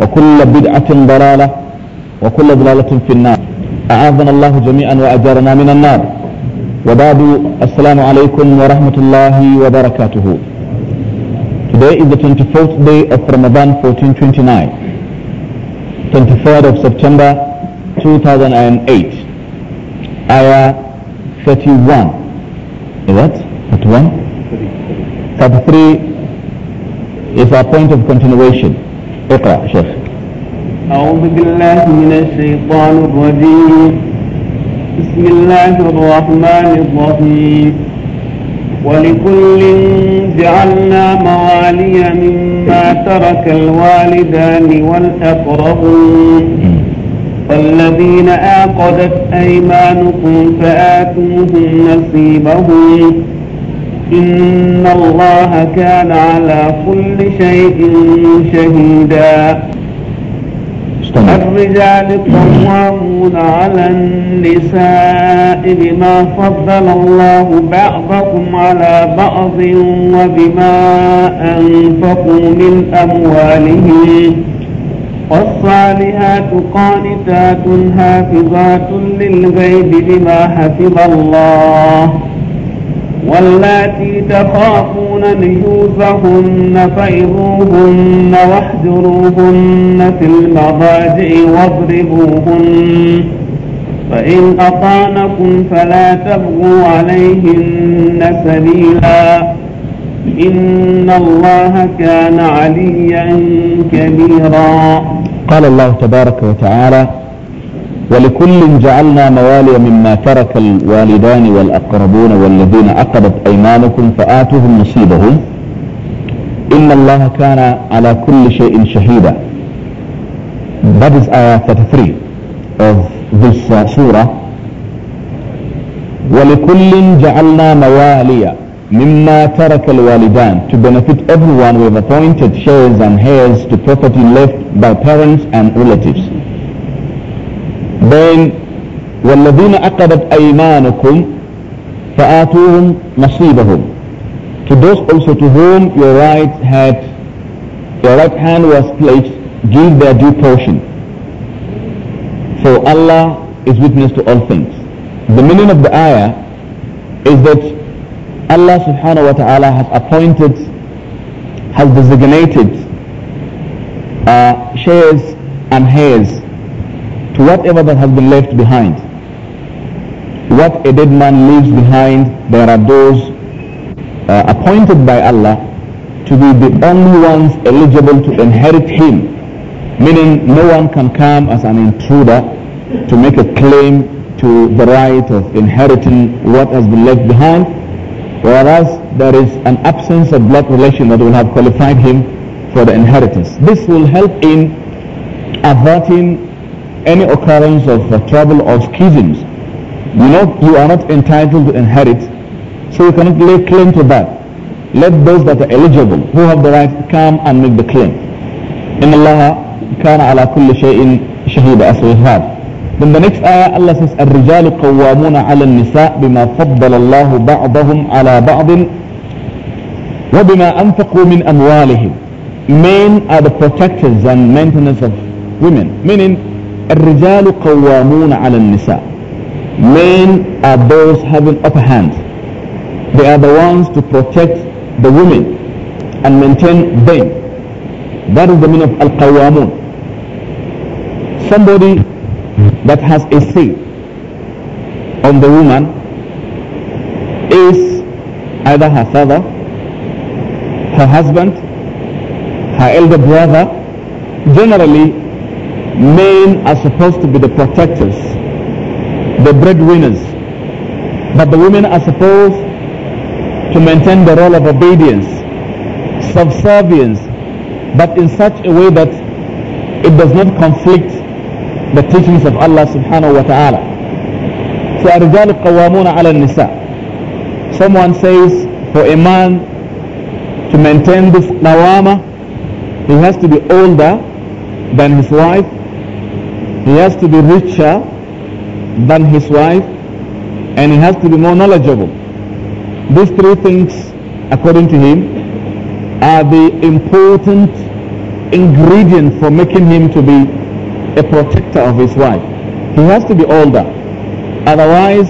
وكل بدعة ضلالة وكل ضلالة في النار أعاذنا الله جميعا وأجارنا من النار وبعد السلام عليكم ورحمة الله وبركاته Today is the 24th day of Ramadan 1429 23rd of September 2008 Ayah 31 Is that? 31? 33 is our point of continuation اقرأ شيخ أعوذ بالله من الشيطان الرجيم بسم الله الرحمن الرحيم ولكل جعلنا موالي مما ترك الوالدان والأقربون والذين عقدت أيمانكم فآتوهم نصيبهم إن الله كان على كل شيء شهيدا الرجال قوامون على النساء بما فضل الله بعضكم على بعض وبما أنفقوا من أموالهم والصالحات قانتات حافظات للغيب بما حفظ الله واللاتي تخافون نشوزهن فإذوهن واحجروهن في المضاجع واضربوهن فإن أطعنكم فلا تبغوا عليهن سبيلا إن الله كان عليا كبيرا قال الله تبارك وتعالى ولكل جعلنا موالي مما ترك الوالدان والأقربون والذين عقدت أيمانكم فآتهم نصيبهم إن الله كان على كل شيء شهيدا That is ayah آية 33 of this uh, surah ولكل جعلنا موالي مما ترك الوالدان to benefit everyone with appointed shares and heirs to property left by parents and relatives then وَالَّذِينَ أَقَبَتْ أَيْمَانُكُمْ فَآتُوهُمْ نَصِيبَهُمْ To those also to whom your right had your right hand was placed, give their due portion. So Allah is witness to all things. The meaning of the ayah is that Allah subhanahu wa ta'ala has appointed, has designated uh, shares and heirs to whatever that has been left behind. What a dead man leaves behind, there are those uh, appointed by Allah to be the only ones eligible to inherit him. Meaning no one can come as an intruder to make a claim to the right of inheriting what has been left behind, whereas there is an absence of blood relation that will have qualified him for the inheritance. This will help in averting any occurrence of uh, trouble or schisms, you know you are not entitled to inherit, so you cannot lay claim to that. Let those that are eligible, who have the right, come and make the claim. In Allah, كان على كل شيء شهيد as we have. Then the next ayah Allah says الرجال قوامون على النساء بما فضل الله بعضهم على بعض وبما أنفقوا من أموالهم men are the protectors and maintenance of women. Meaning, الرجال قوامون على النساء men are those having upper hand they are the ones to protect the women and maintain them that is the meaning of al-qawamun somebody that has a say on the woman is either her father her husband her elder brother generally men are supposed to be the protectors, the breadwinners, but the women are supposed to maintain the role of obedience, subservience, but in such a way that it does not conflict the teachings of Allah subhanahu wa ta'ala. So الرجال Qawamuna على Nisa. Someone says for a man to maintain this qawama, he has to be older than his wife he has to be richer than his wife and he has to be more knowledgeable. These three things, according to him, are the important ingredient for making him to be a protector of his wife. He has to be older. Otherwise,